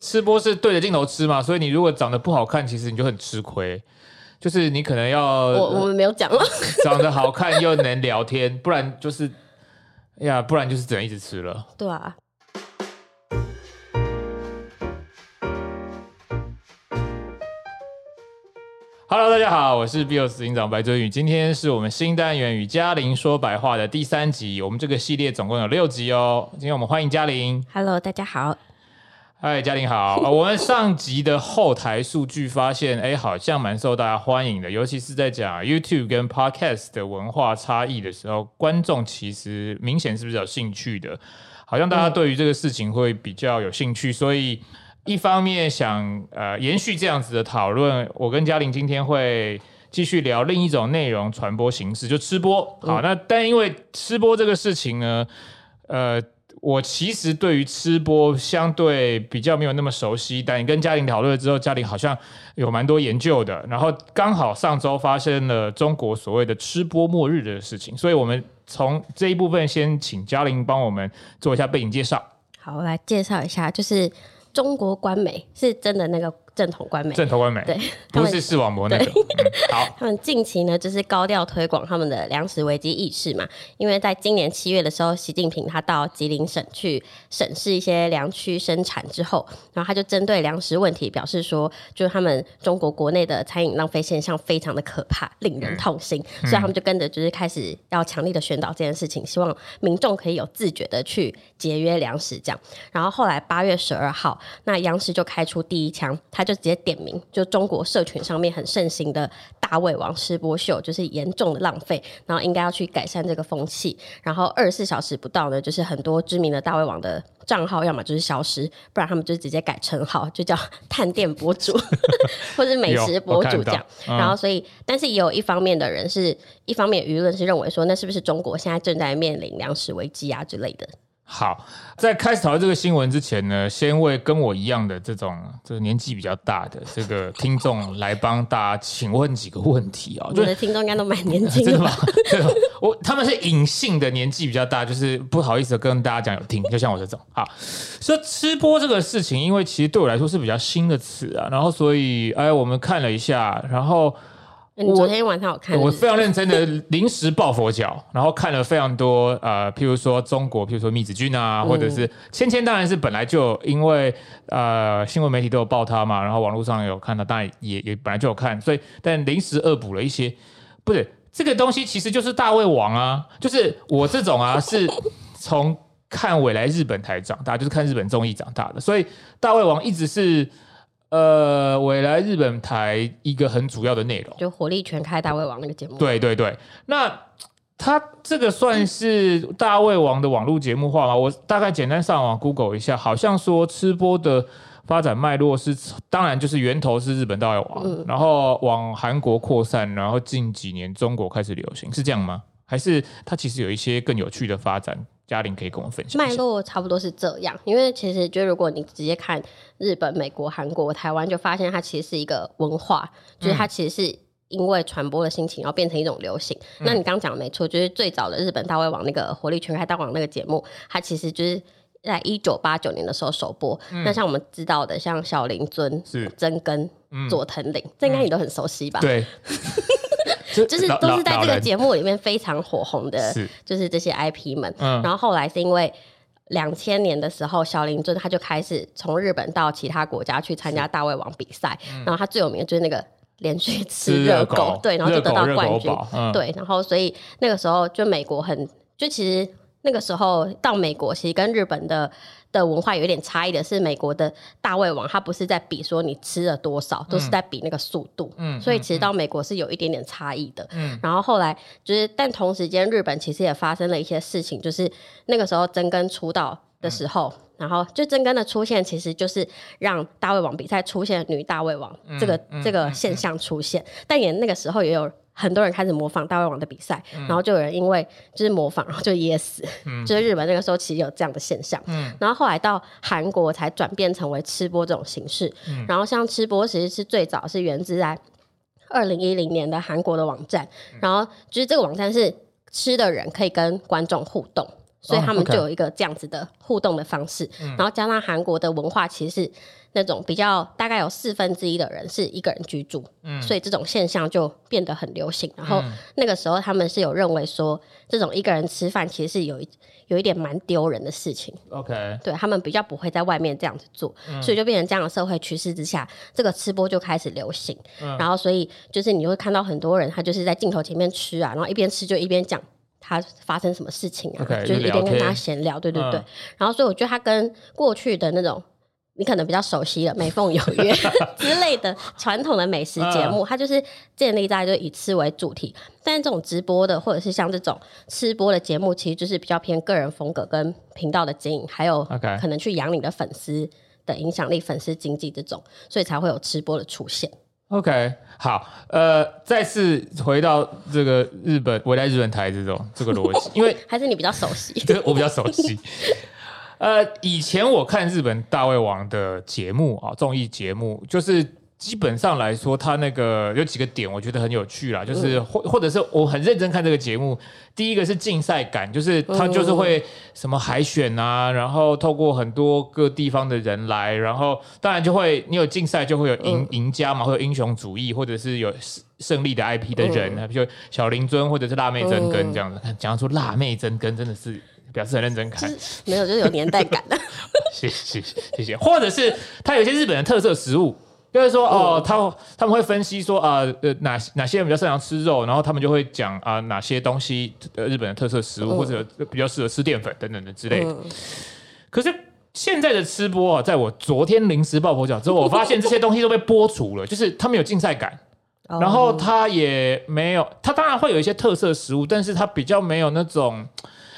吃播是對着鏡頭吃嘛，所以你如果長得不好看，其實你就很吃虧，就是你可能要我我們沒有講了、呃，長得好看又能聊天， 不然就是，哎呀，不然就是只能一直吃了。對啊。Hello，大家好，我是 BIOS 營長白澤宇，今天是我們新單元與嘉玲說白話的第三集，我們這個系列總共有六集哦。今天我們歡迎嘉玲。Hello，大家好。嗨，嘉玲好、哦。我們上集的後台數據發現，哎、欸，好像蠻受大家歡迎的。尤其是在講、啊、YouTube 跟 Podcast 的文化差異的時候，觀眾其實明顯是比較有興趣的。好像大家對於這個事情會比較有興趣。嗯、所以一方面想呃延續這樣子的討論，我跟嘉玲今天會繼續聊另一種內容傳播形式，就吃播。好，那但因為吃播這個事情呢，呃。我其實對於吃播相對比較沒有那麼熟悉，但跟嘉玲討論之後，嘉玲好像有蠻多研究的。然後剛好上周發生了中國所謂的吃播末日的事情，所以我們從這一部分先請嘉玲幫我們做一下背景介紹。好，我來介紹一下，就是中國官媒是真的那個。正統官媒，正統官媒，官媒對，不是視網膜那種、個對嗯。好，他們近期呢，就是高調推廣他們的糧食危機意識嘛。因為在今年七月的時候，習近平他到吉林省去審視一些糧區生產之後，然後他就針對糧食問題表示說，就是他們中國國內的餐飲浪費現象非常的可怕，令人痛心。嗯、所以他們就跟着就是開始要強力的宣導這件事情，希望民眾可以有自覺的去節約糧食。這樣，然後後來八月十二號，那央視就開出第一槍，他就。就直接點名，就中國社群上面很盛行的大胃王吃播秀，就是嚴重的浪費，然後應該要去改善這個風氣。然後二十四小時不到呢，就是很多知名的大胃王的賬號，要麼就是消失，不然他們就直接改稱號，就叫探店博主 或者是美食博主這樣。 嗯、然後，所以，但是也有一方面的人是，一方面的輿論是認為說，那是不是中國現在正在面臨糧食危機啊之類的？好，在開始討論這個新聞之前呢，先為跟我一樣的這種，就是年紀比較大的這個聽眾來幫大家請問幾個問題哦。就是、我覺得聽眾應該都蠻年輕、呃、的吧？對， 我他們是隱性的年紀比較大，就是不好意思跟大家講有聽，就像我這種。好，說吃播這個事情，因為其實對我來說是比較新的詞啊，然後所以哎，我們看了一下，然後。我、嗯、昨天晚上我看我，我非常認真的臨時抱佛腳， 然後看了非常多，呃，譬如說中國，譬如說密子君啊，嗯、或者是芊芊，千千當然是本來就因為呃新聞媒體都有報他嘛，然後網絡上有看到，當然也也本來就有看，所以但臨時惡補了一些，不是這個東西其實就是大胃王啊，就是我這種啊 是從看緯來日本台長大，就是看日本綜藝長大的，所以大胃王一直是。呃，我來日本台一個很主要的內容，就火力全開大胃王那個節目。對對對，那它這個算是大胃王的網絡節目化嗎？我大概簡單上網 Google 一下，好像說吃播的發展脈絡是，當然就是源頭是日本大胃王，嗯、然後往韓國擴散，然後近幾年中國開始流行，是這樣嗎？還是它其實有一些更有趣的發展？加個零可以跟我分享，脈絡差不多是這樣。因為其實就如果你直接看日本、美國、韓國、台灣，就發現它其實是一個文化，嗯、就是它其實是因為傳播的心情，然後變成一種流行。嗯、那你剛講的沒錯，就是最早的日本大胃王那個《火力全開大胃王》那個節目，它其實就是在一九八九年的時候首播。嗯、那像我們知道的，像小林尊、是、嗯、曾根、佐藤林、嗯、這應該你都很熟悉吧？對。 嗯、就是都是在這個節目裡面非常火紅的，老人 是就是這些 IP 們。嗯、然後後來是因為兩千年的時候，小林尊他就開始從日本到其他國家去參加大胃王比賽。嗯、然後他最有名的就是那個連續吃熱狗，熱狗對，然後就得到冠軍。嗯、對，然後所以那個時候就美國很，就其實那個時候到美國，其實跟日本的。的文化有一點差異的是，美國的大胃王他不是在比說你吃了多少，嗯、都是在比那個速度。嗯，嗯所以其實到美國是有一點點差異的。嗯，然後後來就是，但同時間日本其實也發生了一些事情，就是那個時候曾根出道的時候，嗯、然後就曾根的出現，其實就是讓大胃王比賽出現女大胃王、嗯、這個、嗯、這個現象出現，嗯嗯、但也那個時候也有。很多人開始模仿大胃王的比賽，嗯、然後就有人因為就是模仿，然後就噎死、yes,、嗯。 就是日本那個時候其實有這樣的現象，嗯、然後後來到韓國才轉變成為吃播這種形式。嗯、然後像吃播其實是最早是源自在二零一零年的韓國的網站，嗯、然後就是這個網站是吃的人可以跟觀眾互動。所以他們就有一個這樣子的互動的方式，oh, okay. 然後加上韓國的文化，其實是那種比較大概有四分之一的人是一個人居住，嗯，所以這種現象就變得很流行。然後那個時候他們是有認為說，這種一個人吃飯其實是有一有一點蠻丟人的事情，OK，對，他們比較不會在外面這樣子做，嗯，所以就變成這樣的社會趨勢之下，這個吃播就開始流行。嗯，然後所以就是你會看到很多人他就是在鏡頭前面吃啊，然後一邊吃就一邊講。他發生什麼事情啊？Okay, 就是一邊跟他閒聊，聊對對對。嗯、然後，所以我覺得他跟過去的那種你可能比較熟悉的，《美鳳有約》 之類的傳統的美食節目，它，嗯、就是建立在就以吃為主題。但這種直播的或者是像這種吃播的節目，其實就是比較偏個人風格跟頻道的經營，還有可能去養你的粉絲的影響力，Okay 粉絲經濟這種，所以才會有吃播的出現。OK，好，呃，再次回到這個日本，我來日本台這種這個邏輯，因為 還是你比較熟悉，對，我比較熟悉。 呃，以前我看日本大胃王的節目啊，哦、綜藝節目就是。基本上來說，它那個有幾個點，我覺得很有趣啦。就是或或者是我很認真看這個節目，第一個是競賽感，就是它就是會什麼海選啊，然後透過很多各地方的人來，然後當然就會你有競賽，就會有贏贏、嗯、家嘛，會有英雄主義，或者是有勝利的 IP 的人啊，嗯、比如說小林尊或者是辣妹曾根這樣子。講出、嗯、辣妹曾根，真的是表示很認真看，就是、沒有就是有年代感的、啊 謝謝謝謝，或者是它有一些日本的特色食物。就是說，哦、呃，他他們會分析說，啊，呃，哪哪些人比較擅長吃肉，然後他們就會講啊、呃，哪些東西、呃，日本的特色食物或者比較適合吃澱粉等等的之類的、呃、可是現在的吃播啊，在我昨天臨時抱佛腳之後，我發現這些東西都被播除了。 就是他們有競賽感，然後他也沒有，他當然會有一些特色食物，但是他比較沒有那種，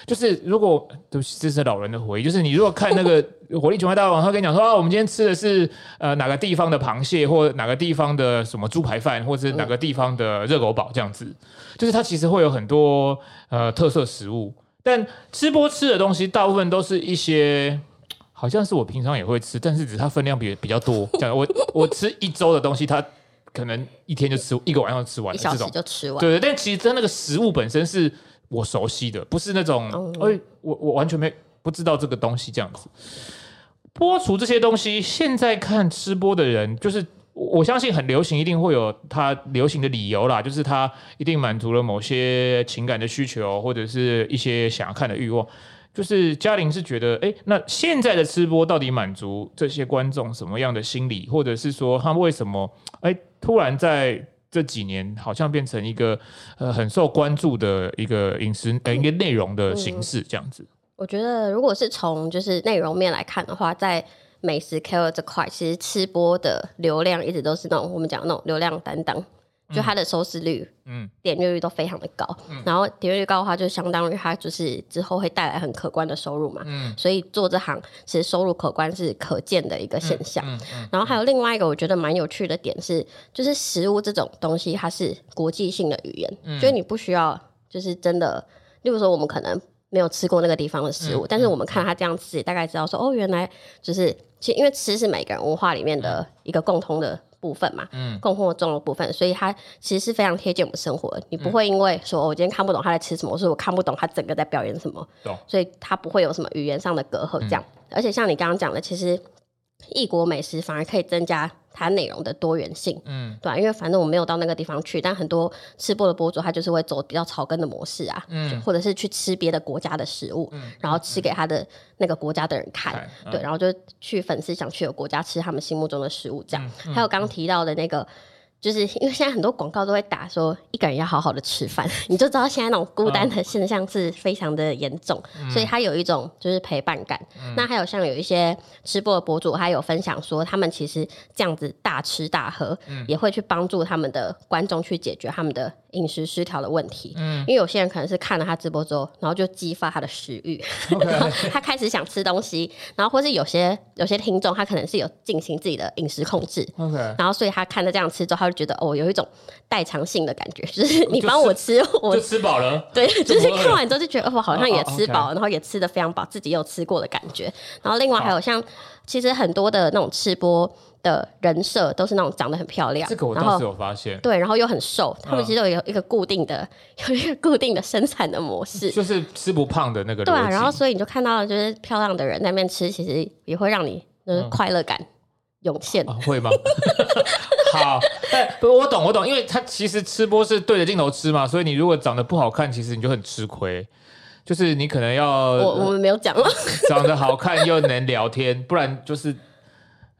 就是如果對不起，這是老人的回憶，就是你如果看那個。 火力全開大胃王，他跟你講說、啊，我們今天吃的是呃哪個地方的螃蟹，或哪個地方的什麼豬排飯，或者哪個地方的熱狗堡這樣子，嗯、就是它其實會有很多呃特色食物。但吃播吃的東西大部分都是一些，好像是我平常也會吃，但是只是它分量比比較多。 這樣我我吃一周的東西，它可能一天就吃，一個晚上吃完這種就吃完了。對對，但其實它那個食物本身是我熟悉的，不是那種哎、嗯嗯、我我完全沒不知道這個東西這樣子。播出這些東西，現在看吃播的人，就是我相信很流行，一定會有它流行的理由啦，就是它一定滿足了某些情感的需求，或者是一些想要看的慾望。就是嘉玲是覺得，哎、欸，那現在的吃播到底滿足這些觀眾什麼樣的心理，或者是說他為什麼，哎、欸，突然在這幾年好像變成一個呃很受關注的一個飲食呃一個內容的形式這樣子。我覺得，如果是從就是內容面來看的話，在美食 care 這塊，其實吃播的流量一直都是那種我們講那種流量擔當，就它的收視率、嗯，點閱率都非常的高。嗯、然後點閱率高的話，就相當於它就是之後會帶來很可觀的收入嘛。嗯，所以做這行其實收入可觀是可見的一個現象。嗯嗯嗯、然後還有另外一個我覺得蠻有趣的點是，就是食物這種東西它是國際性的語言，嗯、就是你不需要就是真的，例如說我們可能。沒有吃過那個地方的食物，嗯嗯、但是我們看他這樣吃，嗯、大概知道說、嗯、哦，原來就是其實因為吃是每個人文化裡面的一個共通的部分嘛，嗯，共通的重要的部分，所以它其實是非常貼近我們生活的。你不會因為說、嗯哦、我今天看不懂他在吃什麼，或是我看不懂他整個在表演什麼，嗯、所以他不會有什麼語言上的隔閡這樣。嗯、而且像你剛剛講的，其實異國美食反而可以增加。它內容的多元性，嗯，對、啊，因為反正我沒有到那個地方去，但很多吃播的博主他就是會走比較草根的模式啊，嗯，或者是去吃別的國家的食物，嗯，然後吃給他的那個國家的人看，嗯嗯、對，然後就去粉絲想去的國家吃他們心目中的食物這樣。嗯嗯、還有剛剛提到的那個。就是因為現在很多廣告，都會打說一個人要好好的吃飯，你就知道現在那種孤單的現象是非常的嚴重，oh. 所以它有一種就是陪伴感。Mm. 那還有像有一些吃播的博主，他有分享說，他們其實這樣子大吃大喝，mm. 也會去幫助他們的觀眾去解決他們的。飲食失調的問題，嗯，因為有些人可能是看了他直播之後，然後就激發他的食欲，Okay 他開始想吃東西，然後或是有些有些聽眾，他可能是有進行自己的飲食控制 Okay 然後所以他看著這樣吃之後，他就覺得哦，有一種代償性的感覺，就是你幫我吃，就吃我吃就吃飽了， 對，就，就是看完之後就覺得哦，好像也吃飽 oh, oh,、okay、然後也吃的非常飽，自己有吃過的感覺，然後另外還有像。其實很多的那種吃播的人設都是那種長得很漂亮，這個我倒是有發現。對，然後又很瘦，他們其實有一個、嗯、一個固定的、有一個固定的生產的模式，就是吃不胖的那個。對啊，然後所以你就看到了就是漂亮的人在那邊吃，其實也會讓你就是快樂感、嗯、湧現、啊。會嗎？ 好，不過，我懂，我懂，因為他其實吃播是對着鏡頭吃嘛，所以你如果長得不好看，其實你就很吃虧。就是你可能要我我們沒有講了、呃，長得好看又能聊天， 不然就是，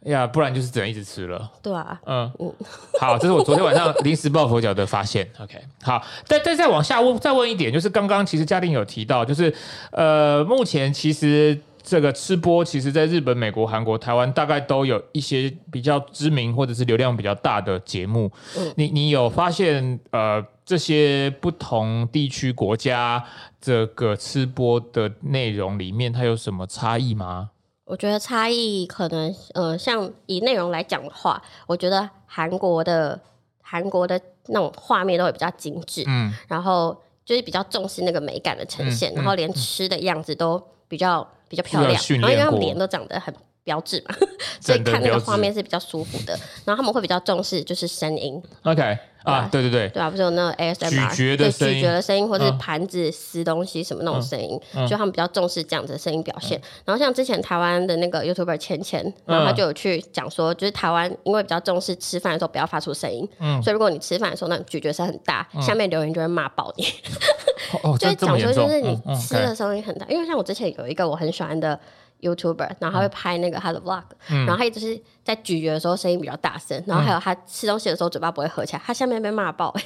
呀、yeah,，不然就是只能一直吃了。對啊，嗯，嗯，好，這是我昨天晚上臨時抱佛腳的發現。 OK，好，再再再往下問，再問一點，就是剛剛其實嘉玲有提到，就是呃，目前其實這個吃播，其實在日本、美國、韓國、台灣，大概都有一些比較知名或者是流量比較大的節目。嗯、你你有發現呃？這些不同地區國家這個吃播的內容裡面，它有什麼差異嗎？我覺得差異可能，呃，像以內容來講的話，我覺得韓國的韓國的那種畫面都會比較精致，嗯，然後就是比較重視那個美感的呈現，嗯嗯，然後連吃的樣子都比較比較漂亮，然後因為他們臉都長得很標致嘛，致 所以看那個畫面是比較舒服的。 然後他們會比較重視就是聲音，OK。啊，對對對，對啊，不是有那 ASMR，對，咀嚼的聲音，或者是盤子撕東西什麼那種聲音，就他們比較重視這樣子的聲音表現。然後像之前台灣的那個 YouTuber 千千，然後他就有去講說，就是台灣因為比較重視吃飯的時候不要發出聲音，所以如果你吃飯的時候那咀嚼聲很大，下面留言就會罵爆你。哦，這麼嚴重。就是講說，就是你吃的聲音很大，因為像我之前有一個我很喜歡的 YouTuber，然後他會拍那個他的 Vlog，然後他一直就是。在咀嚼的時候聲音比較大聲，然後還有他吃東西的時候嘴巴不會合起來，嗯、他下面被罵爆、欸。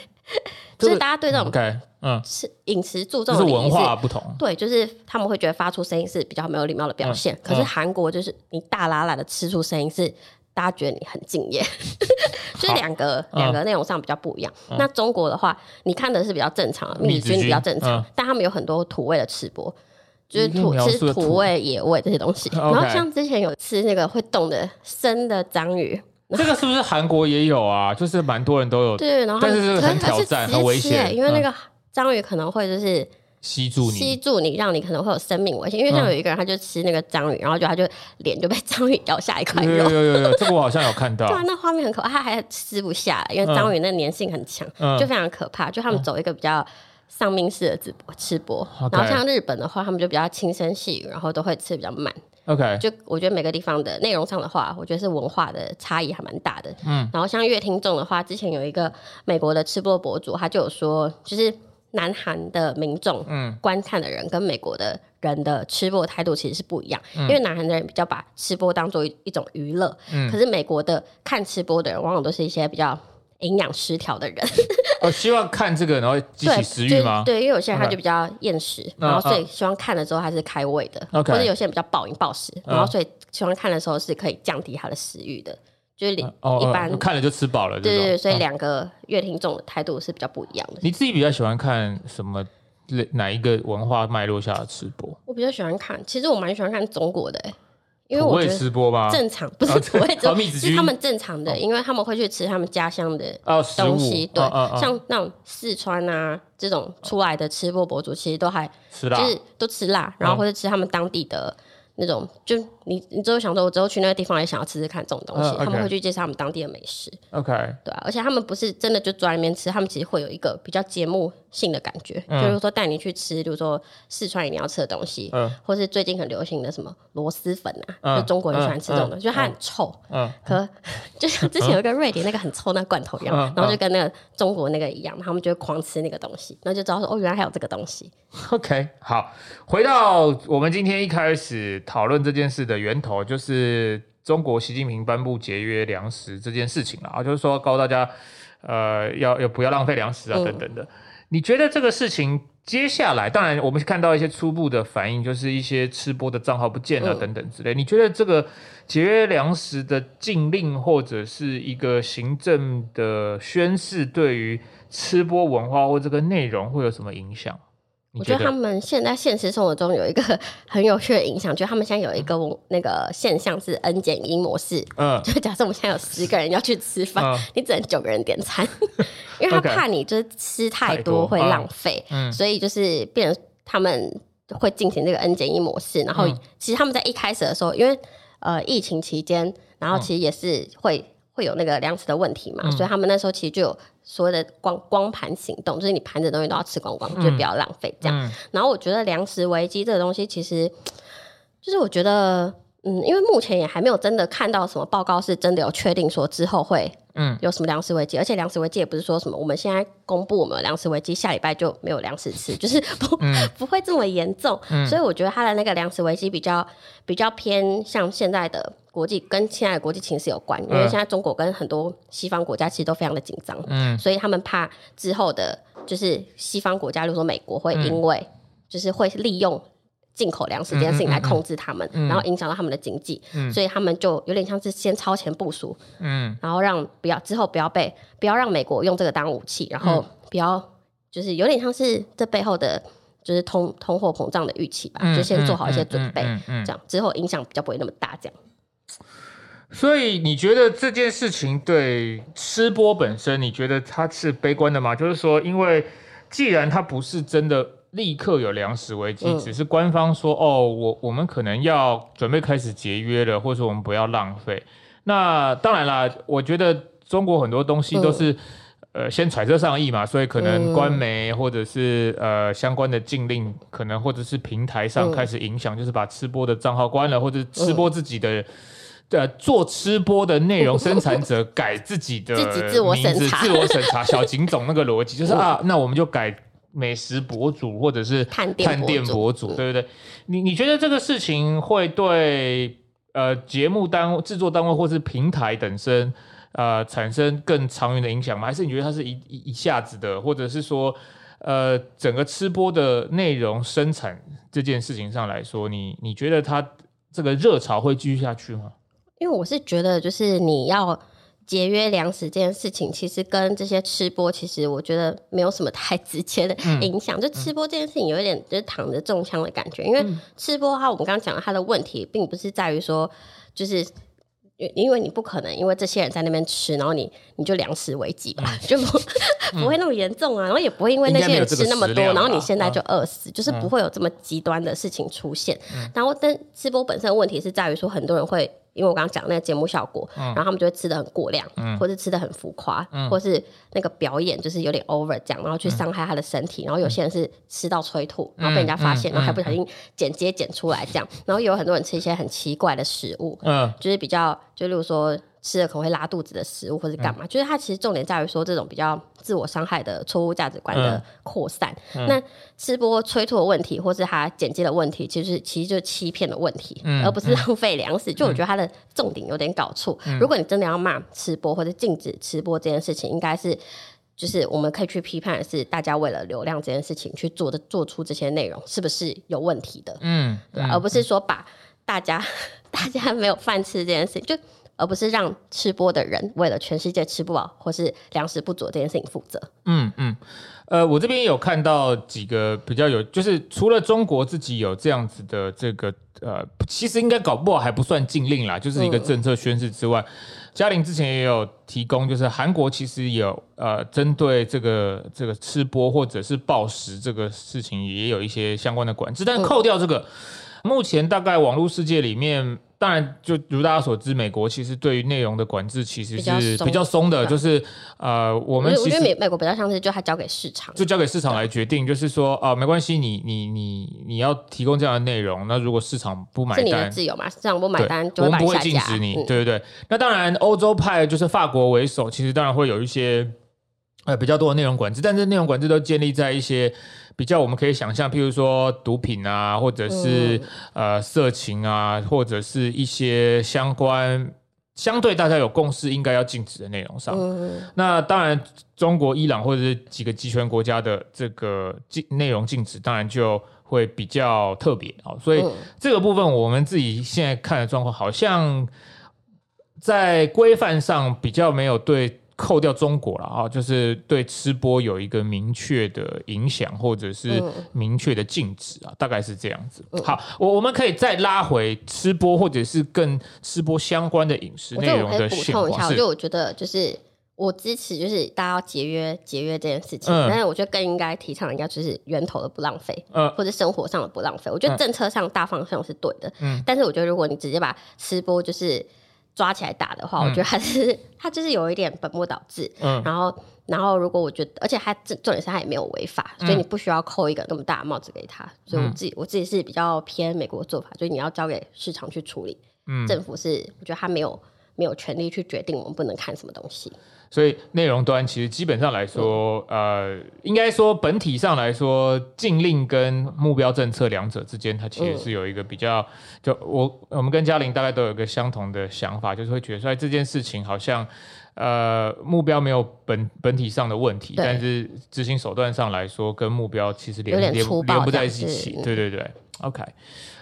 就是、 就是大家對這種嗯吃飲食注重的禮儀是、嗯、是文化不同，對，就是他們會覺得發出聲音是比較沒有禮貌的表現。嗯嗯、可是韓國就是你大喇喇的吃出聲音是，是大家覺得你很敬業。所以兩個兩、嗯、個內容上比較不一樣。嗯、那中國的話，你看的是比較正常，你米軍比較正常，嗯、但他們有很多土味的吃播。就是土，土吃土味野味這些東西，Okay 然後像之前有吃那個會動的生的章魚，這個是不是韓國也有啊？就是蠻多人都有對，然後但是，就是很挑戰很危險，因為那個章魚可能會就是吸住你，吸住你，讓你可能會有生命危險。因為像有一個人，他就吃那個章魚，然後就他就臉就被章魚咬下一塊肉，有、有有有。這個我好像有看到， 對啊，那畫面很可怕，他還吃不下，因為章魚那粘性很強，嗯、就非常可怕。就他們走一個比較。嗯喪命式的直播吃播，Okay. 然後像日本的話，他們就比較輕聲細語，然後都會吃比較慢。OK，就我覺得每個地方的內容上的話，我覺得是文化的差異還蠻大的。嗯，然後像閱聽眾的話，之前有一個美國的吃播博、博主，他就有說，就是南韓的民眾，嗯，觀看的人跟美國的人的吃播態度其實是不一樣，嗯、因為南韓的人比較把吃播當做一種娛樂，嗯、可是美國的看吃播的人往往都是一些比較。營養失調的人、哦，我希望看這個，然後激起食欲嗎對？對，因為有些人他就比較厭食，Okay. 然後所以希望看的時候他是開胃的。啊、或者有些人比較暴飲暴食，Okay. 然後所以希望看的時候是可以降低他的食欲的，就是兩一般、啊哦啊、看了就吃飽了。對對對，所以兩個月聽眾的態度是比較不一樣的、啊。你自己比較喜歡看什麼哪一個文化脈絡下的吃播？我比較喜歡看，其實我蠻喜歡看中國的、欸。.因為我覺得正常不，會不是土味吃播， 居是他們正常的，哦、因為他們會去吃他們家鄉的東西，哦、對，哦嗯、像那種四川啊這種出來的吃播博主，其實都還辣就是都吃辣，然後或者吃他們當地的。哦那種就你，你之後想說，我之後去那個地方也想要吃吃看這種東西，他們會去介紹他們當地的美食。OK，對啊，而且他們不是真的就坐在那邊吃，他們其實會有一個比較節目性的感覺，就是說帶你去吃，就是說四川一定要吃的東西，嗯，或是最近很流行的什麼螺螄粉啊，就中國人喜歡吃這種東西，就它很臭，嗯，和，就像之前有一個瑞典那個很臭那罐頭一樣，然後就跟那個中國那個一樣，他們就狂吃那個東西，然後就知道說哦，原來還有這個東西。OK，好，回到我們今天一開始。討論這件事的源頭就是中國習近平頒布節約糧食這件事情了啊，就是說告訴大家，呃，要要不要浪費糧食啊、嗯、等等的。你覺得這個事情接下來，當然我們看到一些初步的反應，就是一些吃播的賬號不見了、啊嗯、等等之類。你覺得這個節約糧食的禁令或者是一個行政的宣示，對於吃播文化或這個內容會有什麼影響？覺我覺得他們現在現實生活中有一個很有趣的影響，就是他們現在有一個那個現象是 “n 減一” e、模式。嗯，就假設我們現在有十個人要去吃飯，嗯、你只能九個人點餐，嗯、 因為他怕你就是吃太多會浪費，嗯、所以就是變成他們會進行這個 “n 減一” e、模式。然後其實他們在一開始的時候，因為呃疫情期間，然後其實也是會、嗯、會有那個糧食的問題嘛，嗯、所以他們那時候其實就有。所謂的光光盤行動，就是你盤子的東西都要吃光光，嗯、就不要浪費這樣。嗯、然後我覺得糧食危機這個東西，其實就是我覺得，嗯，因為目前也還沒有真的看到什麼報告是真的有確定說之後會。嗯，有什麼糧食危機？而且糧食危機也不是說什麼，我們現在公布我們糧食危機，下禮拜就沒有糧食吃，就是不、嗯、 不會這麼嚴重。嗯、所以我覺得他的那個糧食危機比較比較偏向現在的國際跟現在的國際情勢有關，因為現在中國跟很多西方國家其實都非常的緊張。嗯，所以他們怕之後的，就是西方國家，比如說美國會因為、嗯、就是會利用。進口糧食這件事情來控制他們，嗯嗯嗯、然後影響到他們的經濟，嗯、所以他們就有點像是先超前部署，嗯，然後讓不要之後不要被不要讓美國用這個當武器，然後不要、嗯、就是有點像是這背後的，就是通通貨膨脹的預期吧，嗯、就先做好一些準備，嗯，嗯嗯嗯嗯這樣之後影響比較不會那麼大，這樣。所以你覺得這件事情對吃播本身，你覺得它是悲觀的嗎？就是說，因為既然它不是真的。立刻有糧食危機，嗯、只是官方說哦，我我們可能要準備開始節約了，或者說我們不要浪費。那當然啦，我覺得中國很多東西都是、嗯、呃先揣測上意嘛，所以可能官媒或者是呃相關的禁令，可能或者是平台上開始影響，嗯、就是把吃播的賬號關了，或者吃播自己的、嗯、呃做吃播的內容、嗯、生產者改自己的名字，自己自我審查，自我審查。小警總那個邏輯就是啊，嗯、那我們就改。美食博主，或者是探店博主，博主對不對？你你覺得這個事情會對呃節目單製作單位或是平台本身呃產生更長遠的影響嗎？還是你覺得它是一一一下子的，或者是說呃整個吃播的內容生產這件事情上來說，你你覺得它這個熱潮會繼續下去嗎？因為我是覺得就是你要。節約糧食這件事情，其實跟這些吃播其實我覺得沒有什麼太直接的影響，嗯。就吃播這件事情，有一點就是躺着中槍的感覺。因為吃播哈，嗯、我們剛剛講的它的問題，並不是在於說，就是因為你不可能因為這些人在那邊吃，然後你你就糧食危機吧，嗯、就不、嗯、 不會那麼嚴重啊。然後也不會因為那些人吃那麼多，然後你現在就餓死，啊、就是不會有這麼極端的事情出現。嗯、然後，但吃播本身的問題是在於說，很多人會。因為我剛剛講那個節目效果，嗯、然後他們就會吃得很過量，嗯、或是吃得很浮誇，嗯、或是那個表演就是有點 over 這樣，然後去傷害他的身體，嗯、然後有些人是吃到催吐，嗯、然後被人家發現，嗯、然後還不小心剪接，剪出來這樣，嗯嗯、然後也有很多人吃一些很奇怪的食物，嗯、就是比較就例如說。吃了可能會拉肚子的食物，或者幹嘛？嗯、就是它其實重點在於說這種比較自我傷害的錯誤價值觀的擴散。嗯嗯、那吃播催吐的問題，或是他剪輯的問題，其實、就是、其實就是欺騙的問題，嗯嗯、而不是浪費糧食。嗯、就我覺得他的重點有點搞錯。嗯、如果你真的要罵吃播，或者禁止吃播這件事情，應該是就是我們可以去批判的是，大家為了流量這件事情去做的做出這些內容，是不是有問題的？嗯，嗯對，而不是說把大家、嗯嗯、大家沒有飯吃這件事情就。而不是讓吃播的人為了全世界吃不飽或是糧食不足的這件事情負責。嗯嗯，呃，我這邊有看到幾個比較有，就是除了中國自己有這樣子的這個呃，其實應該搞不好還不算禁令啦，就是一個政策宣示之外，嘉玲、嗯、之前也有提供，就是韓國其實有呃針對這個這個吃播或者是暴食這個事情也有一些相關的管制，嗯、但扣掉這個，目前大概網絡世界裡面。當然，就如大家所知，美國其實對於內容的管制其實是比較鬆的，就是呃，我們我覺得美美國比較像是就它交給市場，就交給市場來決定，就是說啊，沒關係，你你你你要提供這樣的內容，那如果市場不買單，是你的自由嘛。市場不買單，我不會禁止你，對不對，對。那當然，歐洲派就是法國為首，其實當然會有一些呃比較多的內容管制，但是內容管制都建立在一些。比較，我們可以想象，譬如說毒品啊，或者是、嗯、呃色情啊，或者是一些相關相對大家有共識應該要禁止的內容上。嗯、那當然，中國、伊朗或者是幾個集權國家的這個禁內容禁止，當然就會比較特別。所以這個部分我們自己現在看的狀況，好像在規範上比較沒有對。扣掉中國了啊，就是對吃播有一個明確的影響，或者是明確的禁止啊，嗯、大概是這樣子。嗯、好，我我們可以再拉回吃播，或者是跟吃播相關的飲食內容的現況。我覺得我可以補充一下，是，我就我就覺得就是我支持，就是大家要節約節約這件事情，嗯、但是我覺得更應該提倡的應該就是源頭的不浪費，嗯、或者生活上的不浪費。我覺得政策上大方向是對的，嗯、但是我覺得如果你直接把吃播就是。抓起來打的話，嗯、我覺得還是他就是有一點本末倒置。嗯，然後然後如果我覺得，而且他重點是他也沒有違法，所以你不需要扣一個那麼大的帽子給他。所以我自己、嗯、我自己是比較偏美國的做法，所以你要交給市場去處理。嗯，政府是，我覺得他沒有。沒有權利去決定我們不能看什麼東西，所以內容端其實基本上來說，嗯、呃，應該說本體上來說，禁令跟目標政策兩者之間，它其實是有一個比較。嗯、就我我們跟嘉玲大概都有一個相同的想法，就是會覺得說，這件事情好像，呃，目標沒有本本體上的問題，對但是執行手段上來說，跟目標其實連連連不在一起。對對對，OK。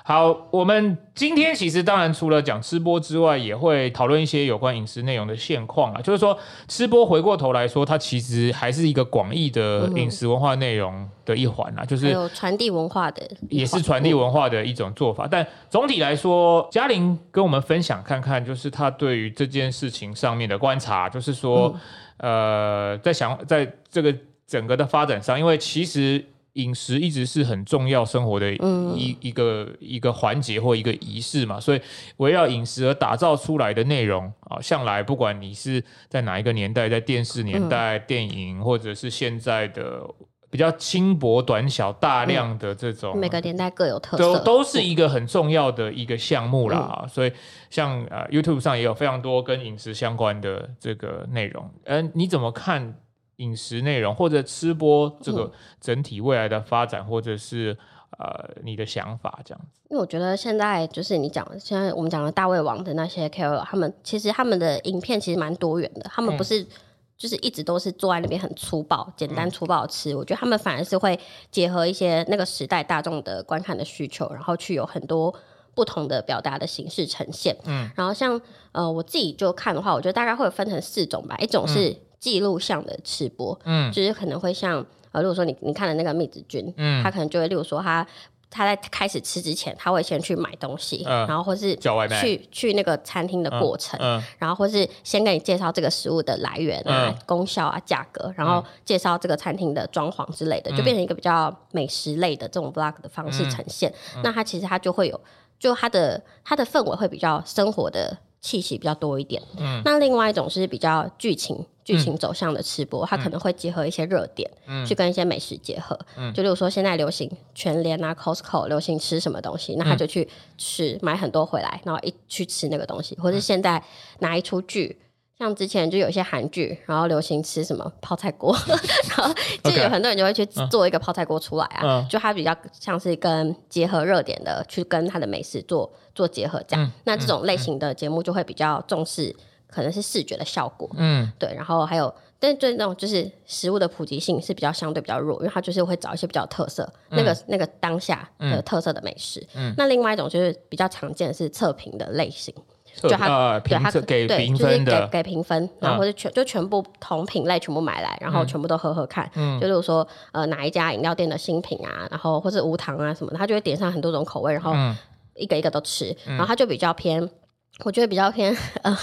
好，我們今天其實當然除了講吃播之外，也會討論一些有關飲食內容的現況啊。就是說，吃播回過頭來說，它其實還是一個廣義的飲食文化內容的一環啊，就是有傳遞文化的，也是傳遞文化的一種做法。但總體來說，嘉玲跟我們分享看看，就是她對於這件事情上面的觀察，就是說，呃，在想在這個整個的發展上，因為其實。飲食一直是很重要生活的一、嗯、一個一個環節或一個儀式嘛，所以圍繞飲食而打造出來的內容啊，向來不管你是在哪一個年代，在電視年代、嗯、電影，或者是現在的比較輕薄短小大量的這種，嗯、每個年代各有特色，都是一個很重要的一個項目啦。嗯、啊。所以像啊 YouTube 上也有非常多跟飲食相關的這個內容，嗯、呃，你怎麼看？飲食內容或者吃播這個整體未來的發展，嗯、或者是呃你的想法這樣子？因為我覺得現在就是你講的，現在我們講的大胃王的那些 KOL，他們其實他們的影片其實蠻多元的，他們不是就是一直都是坐在那邊很粗暴、嗯、簡單、粗暴吃。嗯、我覺得他們反而是會結合一些那個時代大眾的觀看的需求，然後去有很多不同的表達的形式呈現。嗯，然後像呃我自己就看的話，我覺得大概會分成四種吧，一種是、嗯。記錄向的吃播，嗯，就是可能會像呃，如果說你你看了那個密子君，嗯，他可能就會，例如說他他在開始吃之前，他會先去買東西，嗯、然後或是叫外賣，去去那個餐廳的過程，嗯嗯嗯、然後或是先給你介紹這個食物的來源啊、嗯、功效啊、價格，然後介紹這個餐廳的裝潢之類的，嗯、就變成一個比較美食類的這種 vlog 的方式呈現。嗯嗯、那他其實他就會有，就他的他的氛圍會比較生活的氣息比較多一點。嗯，那另外一種是比較劇情。劇情走向的吃播，他可能會結合一些熱點，去跟一些美食結合。就例如說現在流行，全聯啊、Costco 流行吃什麼東西，那他就去吃，買很多回來，然後一去吃那個東西。或是現在拿一出劇，像之前就有一些韓劇，然後流行吃什麼泡菜鍋，然後就有很多人就會去做一個泡菜鍋出來啊。就它比較像是跟結合熱點的，去跟它的美食做做結合這樣。那這種類型的節目就會比較重視。可能是視覺的效果，嗯，對，然後還有，但最那種就是食物的普及性是比較相對比較弱，因為它就是會找一些比較特色，嗯、那個那個當下的特色的美食。嗯嗯、那另外一種就是比較常見的是測評的類型，的就他對，他給評分的，對就是、給評分，然後或者全、啊、就全部同品類全部買來，然後全部都喝喝看。嗯，就比如說呃哪一家飲料店的新品啊，然後或是無糖啊什麼的，他就會點上很多種口味，然後一個一個都吃，嗯、然後他就比較偏。我覺得比較偏呃，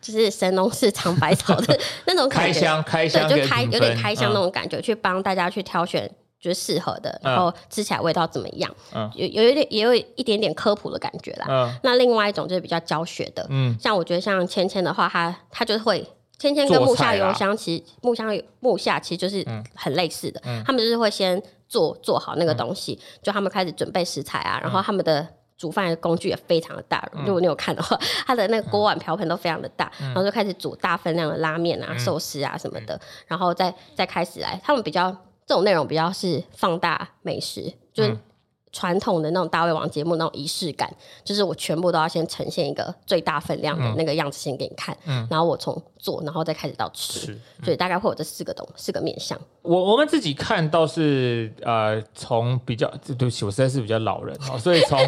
就是神農氏嘗百草的那種開箱開箱就開有點開箱那種感覺，去幫大家去挑選就是適合的，然後吃起來味道怎麼樣？有有一點也有一點點科普的感覺啦。那另外一種就是比較教學的，嗯，像我覺得像芊芊的話，他他就會芊芊跟木下佑香其實木香木下其實就是很類似的，他們就是會先做做好那個東西，就他們開始準備食材啊，然後他們的。煮飯的工具也非常的大，如果你有看的話，嗯、它的那個鍋碗瓢盆都非常的大，嗯、然後就開始煮大分量的拉麵啊、嗯、壽司啊什麼的，嗯、然後再再開始來，他們比較這種內容比較是放大美食，就是。嗯傳統的那種大胃王節目的那種儀式感，就是我全部都要先呈現一個最大分量的那個樣子先給你看，嗯嗯、然後我從做，然後再開始到吃，嗯、所以大概會有這四個東四個面向。我我們自己看倒是呃，從比較，對不起，我實在是比較老人、哦，啊。所以從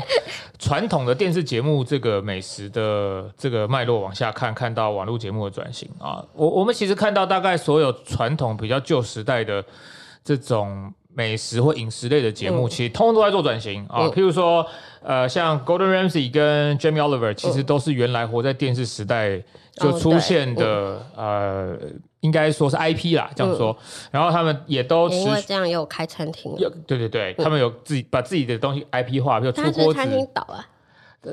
傳統的電視節目，這個美食的這個脈絡往下看，看到網絡節目的轉型啊、哦，我我們其實看到大概所有傳統比較舊時代的這種。美食或飲食類的節目，嗯、其實通通都在做轉型、嗯、啊。譬如說，呃，像 Gordon Ramsay 跟 Jamie Oliver，其實都是原來活在電視時代就出現的，哦嗯、呃，應該說是 IP 啦，嗯、這樣說。然後他們也都是因為這樣也有開餐廳，對對對，嗯、他們有自己把自己的東西 IP 化，譬如出鍋子。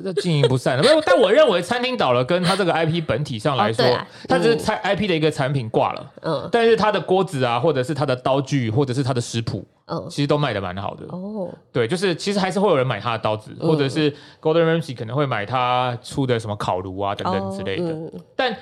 這經營不善了，但我認為餐廳倒了，跟他這個 IP 本體上來說，它、哦啊嗯、是餐 IP 的一個產品掛了，嗯，但是它的鍋子啊，或者是它的刀具，或者是它的食譜，嗯，其實都賣得蠻好的，哦，對，就是其實還是會有人買他的刀子，嗯、或者是 Golden Ramsey 可能會買他出的什麼烤爐啊等等之類的，哦嗯、但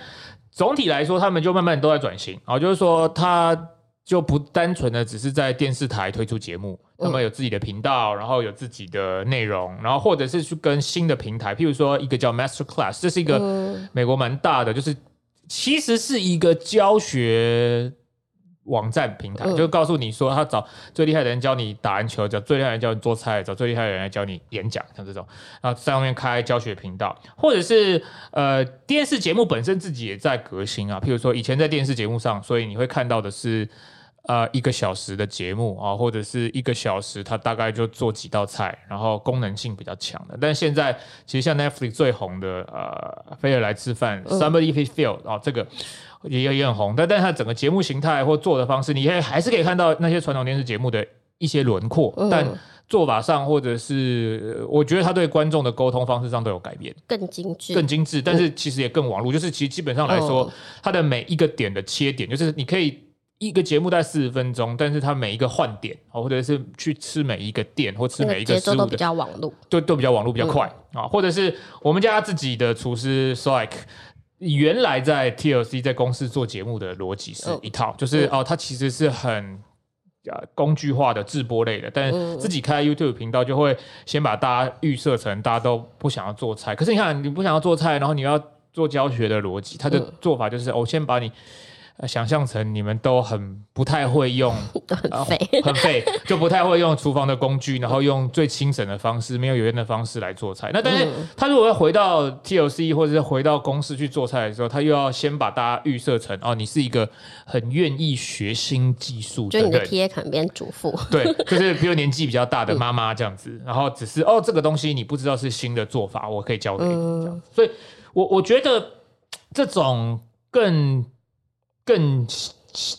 總體來說，他們就慢慢都在轉型，然、哦、就是說他。就不單純的只是在電視台推出節目，他們有自己的頻道，嗯、然後有自己的內容，然後或者是去跟新的平台，譬如說一個叫 Master Class，這是一個美國蠻大的，就是其實是一個教學網站平台，嗯、就告訴你說他找最厲害的人教你打籃球，找最厲害的人教你做菜，找最厲害的人來教你演講，像這種，然後在外面開教學頻道，或者是呃電視節目本身自己也在革新啊，譬如說以前在電視節目上，所以你會看到的是。呃，一個小時的節目啊、哦，或者是一個小時，他大概就做幾道菜，然後功能性比較強的。但現在其實像 Netflix 最紅的呃，《菲爾來吃飯》嗯、（Somebody Feed Phil） 啊、哦，這個也也很紅，但但是它整個節目形態或做的方式，你看還，還是可以看到那些傳統電視節目的一些輪廓，嗯、但做法上或者是我覺得他對觀眾的溝通方式上都有改變，更精緻，更精緻，嗯、但是其實也更網絡，就是其實基本上來說，它、哦、的每一個點的切點，就是你可以。一個節目在四十分鐘，但是他每一個換點，哦，或者是去吃每一個店或吃每一個食物的節奏都比較網路，對，都比較網路比較快、嗯、啊，或者是我們家自己的廚師 Spike，原來在 TLC 在公司做節目的邏輯是一套，嗯、就是、嗯、哦，他其實是很工具化的制播類的，但是自己開 YouTube 頻道就會先把大家預設成大家都不想要做菜，可是你看你不想要做菜，然後你要做教學的邏輯，他的做法就是我、嗯哦、先把你。想象成你們都很不太會用， 都很廢肥、呃，很廢， 就不太會用廚房的工具，然後用最輕省的方式，沒有油煙的方式來做菜。那但是他如果要回到 TLC 或者是回到公司去做菜的時候，他又要先把大家預設成哦，你是一個很願意學新技術的，就你的 TA 可能邊主婦， 對，就是比如年紀比較大的媽媽這樣子， 嗯、然後只是哦這個東西你不知道是新的做法，我可以教給你、嗯、這樣子。所以我我覺得這種更。更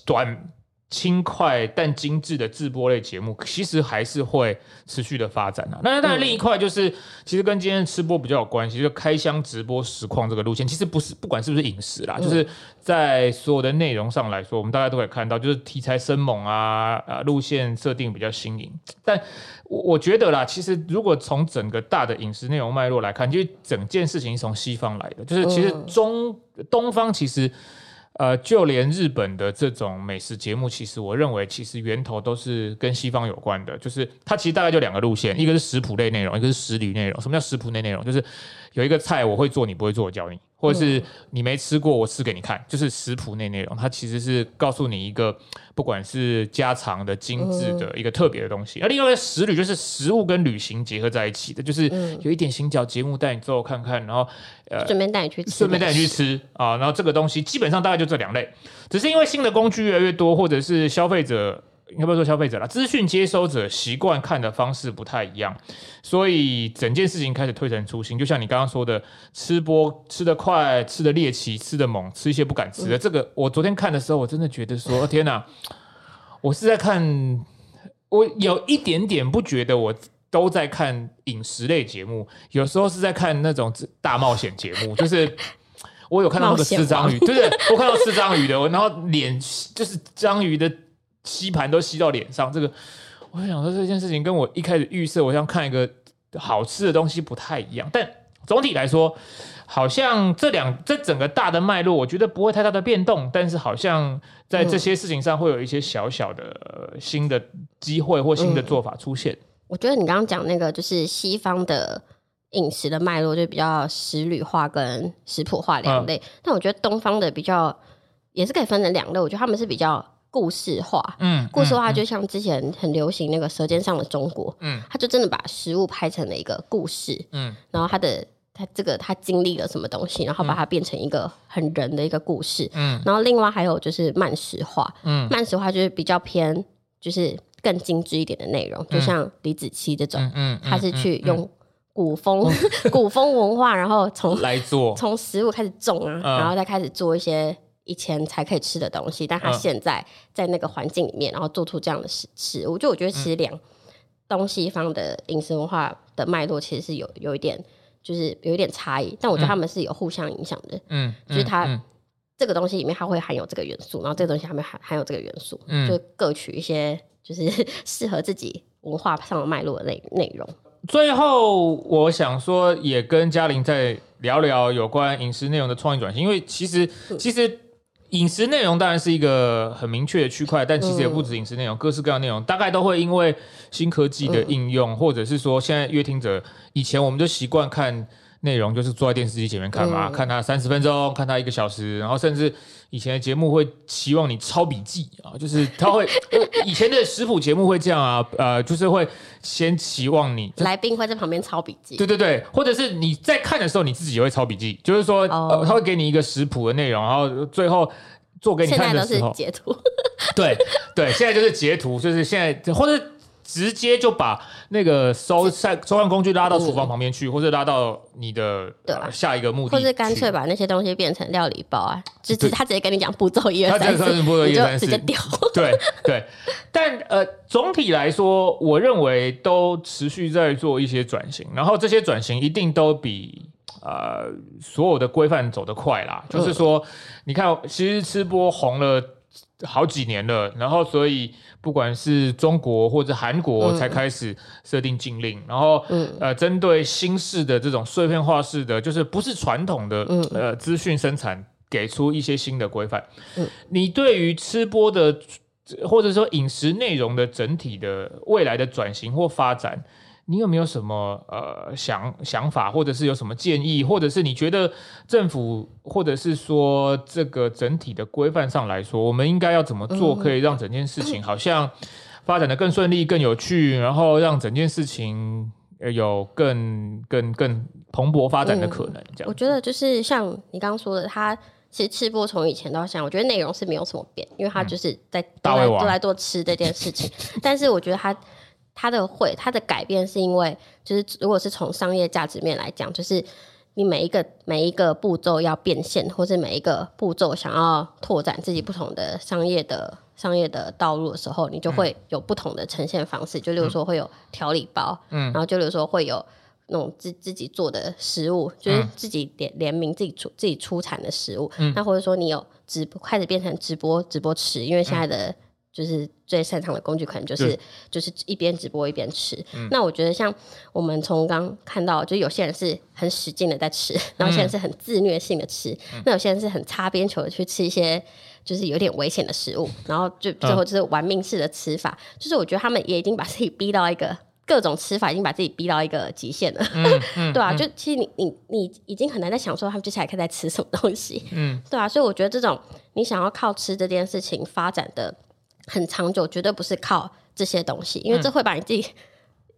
短輕快但精致的直播類節目，其實還是會持續的發展啊。那但另一塊就是，嗯、其實跟今天的吃播比較有關係，就開箱直播實況這個路線，其實不是不管是不是飲食啦，嗯、就是在所有的內容上來說，我們大家都可以看到，就是題材生猛啊，啊路線設定比較新穎。但我我覺得啦，其實如果從整個大的飲食內容脈絡來看，就整件事情是從西方來的，就是其實中、嗯、東方其實。呃，就連日本的這種美食節目，其實我認為，其實源頭都是跟西方有關的。就是它其實大概就兩個路線，一個是食譜類內容，一個是食旅內容。什麼叫食譜類內容？就是有一個菜我會做，你你不會做，我教你。或者是你沒吃過，我吃給你看，嗯、就是食譜那內容，它其實是告訴你一個，不管是家常的、精緻的一個特別的東西。嗯、而另外一個食旅就是食物跟旅行結合在一起的，就是有一點行腳節目帶你走看看，然後呃，順便帶你去，順便帶你去吃啊。然後這個東西基本上大概就這兩類，只是因為新的工具越來越多，或者是消費者。應該不要說消費者了，資訊接收者習慣看的方式不太一樣，所以整件事情開始推陳出新。就像你剛剛說的，吃播吃得快、吃得獵奇、吃得猛、吃一些不敢吃的。嗯、這個我昨天看的時候，我真的覺得說，嗯、天哪！我是在看，我有一點點不覺得我都在看飲食類節目，有時候是在看那種大冒險節目，就是我有看到那個吃章魚，對，對對，我看到吃章魚的，我 然後臉就是章魚的，吸盤都吸到臉上，這個我想說這件事情跟我一開始預設，我想看一個好吃的東西不太一樣。但總體來說，好像這兩這整個大的脈絡，我覺得不會太大的變動。但是好像在這些事情上，會有一些小小的、嗯、新的機會或新的做法出現。嗯、我覺得你剛剛講那個，就是西方的飲食的脈絡，就比較食旅化跟食譜化兩類。嗯、但我覺得東方的比較也是可以分成兩類，我覺得他們是比較。故事化，嗯，故事化就像之前很流行那個《舌尖上的中國》，嗯，他就真的把食物拍成了一個故事，嗯，然後他的他這個他經歷了什麼東西，然後把它變成一個很人的一個故事，嗯，然後另外還有就是慢食化，嗯，慢食化就是比較偏就是更精緻一點的內容，就像李子柒這種，嗯，他是去用古風古風文化，然後從來做從食物開始種啊，然後再開始做一些。以前才可以吃的東西，但他現在在那個環境裡面，哦、然後做出這樣的事。我就我覺得其實兩東西方的飲食文化的脈絡其實是有有一點，就是有一點差異，但我覺得他們是有互相影響的嗯。嗯，嗯就是它、嗯、這個東西裡面它會含有這個元素，然後這個東西還沒含含有這個元素，嗯，就各取一些就是適 合自己文化上的脈絡的內內容。最後，我想說也跟嘉玲再聊聊有關飲食內容的創意轉型，因為其實、嗯、其實。飲食內容當然是一個很明確的區塊，但其實也不止飲食內容，呃、各式各樣內容大概都會因為新科技的應用，呃、或者是說現在閱聽者，以前我們就習慣看。內容就是坐在電視機前面看嘛，嗯、看他三十分鐘，看他一個小時，然後甚至以前的節目會期望你抄筆記啊，就是他會 以前的食譜節目會這樣啊，呃，就是會先期望你來賓會在旁邊抄筆記，對對對，或者是你在看的時候你自己也會抄筆記，就是說、哦呃、他會給你一個食譜的內容，然後最後做給你看的時候現在是截圖， 對對，現在就是截圖，就是現在或者。直接就把那個收菜、是收納工具拉到廚房旁邊去，嗯、或者拉到你的、啊呃、下一個目的去，或者乾脆把那些東西變成料理包啊。對就是他直接跟你講步驟一二三四，步驟一二三四，你就直接丟、嗯。對對， 但呃，總體來說，我認為都持續在做一些轉型，然後這些轉型一定都比呃所有的規範走得快啦。呃、就是說，你看，其實吃播紅了。好幾年了，然後所以不管是中國或者韓國才開始設定禁令，嗯嗯、然後呃針對新式的這種碎片化式的，就是不是傳統的呃資訊生產，給出一些新的規範。嗯嗯、你對於吃播的或者說飲食內容的整體的未來的轉型或發展？你有沒有什麼呃想想法，或者是有什麼建議，或者是你覺得政府，或者是說這個整體的規範上來說，我們應該要怎麼做，可以讓整件事情好像發展得更順利、嗯、更有趣，然後讓整件事情有更、更、更蓬勃發展的可能？嗯、這樣。我覺得就是像你剛剛說的，它其實吃播從以前到現在，我覺得內容是沒有什麼變，因為它就是在都來、嗯、大胃王都來做吃這件事情。 但是我覺得它。它的會，它的改變是因為，就是如果是從商業價值面來講，就是你每一個每一個步驟要變現，或是每一個步驟想要拓展自己不同的商業的商業的道路的時候，你就會有不同的呈現方式。嗯、就例如說會有調理包，嗯，然後就例如說會有那種自自己做的食物，就是自己聯、嗯、聯名自己出自己出產的食物，嗯、那或者說你有直開始變成直播直播吃，因為現在的。嗯就是最擅長的工具，可能就是對就是一邊直播一邊吃。嗯、那我覺得，像我們從剛看到，就有些人是很使勁的在吃，然後現在是很自虐性的吃，嗯、那有些人是很擦邊球的去吃一些就是有點危險的食物，然後就，就最後就是玩命式的吃法。啊、就是我覺得他們也已經把自己逼到一個各種吃法已經把自己逼到一個極限了， 嗯嗯、 對啊，就其實你你你已經很難再享受他們接下來可以在吃什麼東西，嗯，對啊。所以我覺得這種你想要靠吃這件事情發展的。很長久，絕對不是靠這些東西，因為這會把你自己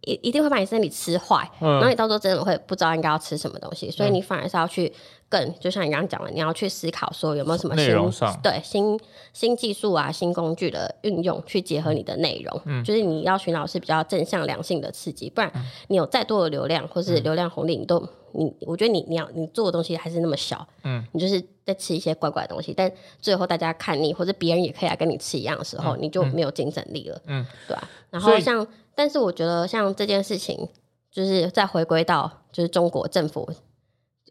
一、嗯、一定會把你身體吃壞，嗯、然後你到時候真的會不知道應該要吃什麼東西，所以你反而是要去更，就像你剛剛講的，你要去思考說有沒有什麼新內容上對新新技術啊、新工具的運用去結合你的內容，嗯嗯、就是你要尋找是比較正向良性的刺激，不然你有再多的流量或是流量紅利，你都。嗯你我覺得你你要你做的東西還是那麼小，嗯，你就是在吃一些怪怪的東西，但最後大家看你或者別人也可以來跟你吃一樣的時候，嗯、你就沒有競爭力了，嗯，對吧、啊？然後像，以但是我覺得像這件事情，就是再回歸到就是中國政府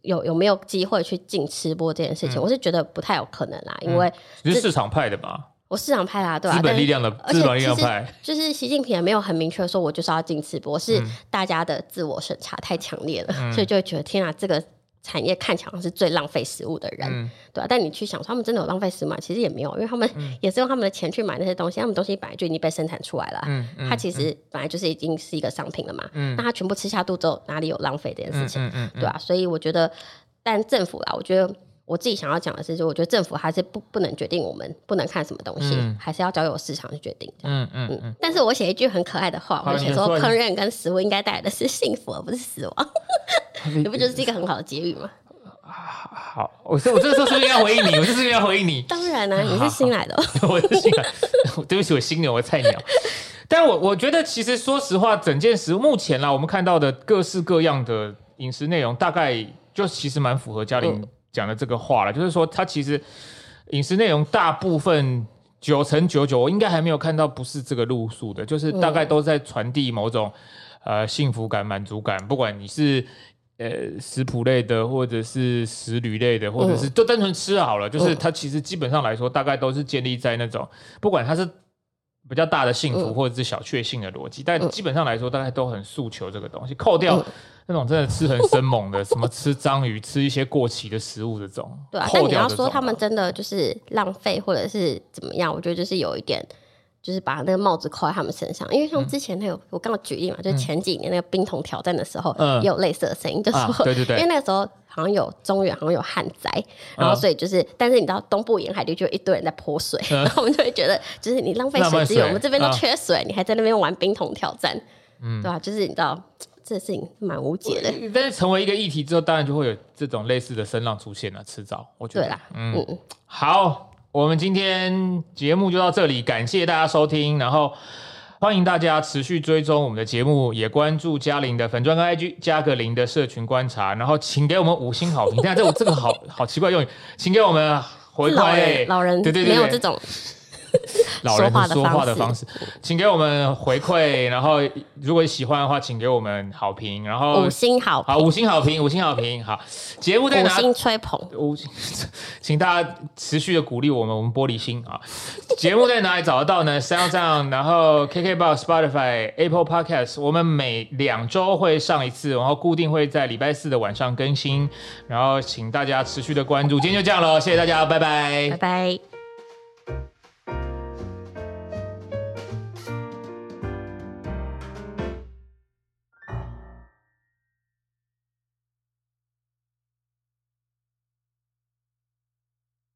有有沒有機會去禁吃播這件事情，嗯、我是覺得不太有可能啦，嗯、因為你是市場派的吧？我市場派啦、啊，對吧、啊？資本力量的資本力量派，而且其實就是習近平也沒有很明確說，我就是要禁吃播，嗯、是大家的自我審查太強烈了，嗯、所以就會覺得天啊，這個產業看起來好像是最浪費食物的人，嗯、對吧、啊？但你去想，他們真的有浪費食物嗎？其實也沒有，因為他們也是用他們的錢去買那些東西，他們東西本來就已經被生產出來了，他、嗯嗯、它其實本來就是已經是一個商品了嘛，嗯、那他全部吃下肚之後，哪裡有浪費這件事情，嗯嗯嗯嗯、對吧、啊？所以我覺得，但政府啊，我覺得。我自己想要講的是，就我覺得政府還是不不能決定我們不能看什麼東西，嗯、還是要交由市場去決定嗯。嗯嗯嗯。但是我寫一句很可愛的話，好我寫說烹飪跟食物應該帶來的是幸福，而不是死亡。這 不就是一個很好的結語嗎、 啊？好，我說我這個時候是不是要回應你？我就是要回應你？ 你當然啦、啊， 嗯、你是新來的、哦， 我是新來的。 對不起，我新牛我菜鳥。 但我我覺得，其實說實話，整件事目前啦，我們看到的各式各樣的飲食內容，大概就其實蠻符合嘉玲講的這個話了，就是說，它，其實飲食內容大部分九成九九，我應該還沒有看到不是這個路數的，就是大概都在傳遞某種呃幸福感、滿足感。不管你是呃食譜類的，或者是食旅類的，或者是、嗯、就單純吃好了，就是它其實基本上來說，大概都是建立在那種不管它是比較大的幸福，或者是小確幸的邏輯。但基本上來說，大概都很訴求這個東西，扣掉。那種真的吃很生猛的，什麼吃章魚、吃一些過期的食物這種。對啊，但你要說他們真的就是浪費或者是怎麼樣，我覺得就是有一點，就是把那個帽子扣在他們身上。因為像之前那有我剛剛舉例嘛，就前幾年那個冰桶挑戰的時候，也有類似的聲音，就是說對對對，因為那個時候好像有中原好像有旱災，然後所以就是，但是你知道東部沿海地區有一堆人在潑水，然後我們就會覺得，就是你浪費水資源，我們這邊都缺水，你還在那邊玩冰桶挑戰，對吧？就是你知道。這事情蠻無解的，但是成為一個議題之後，當然就會有這種類似的聲浪出現了，遲早我覺得。對啦，嗯，嗯好，我們今天節目就到這裡，感謝大家收聽，然後歡迎大家持續追蹤我們的節目，也關注嘉玲的粉專跟 IG 加個零的社群觀察，然後請給我們五星好評，你看這這個好 好奇怪用語，請給我們回饋，老人，老人、欸、對對對，對，沒有這種。老人說話,說話的方式，請給我們回饋， 然後如果喜歡的話，請給我們好評，然後五星好，好五星好評，五星好評，好。節目在哪？五星吹捧。五星，請大家持續的鼓勵我們，我們玻璃心啊。節 目在哪裡找得到呢？Sound，sound 然後 KKBOX、Spotify、Apple Podcast，我們每兩周會上一次，然後固定會在禮拜四的晚上更新，然後請大家持續的關注。今天就這樣了，謝謝大家，拜拜，拜拜。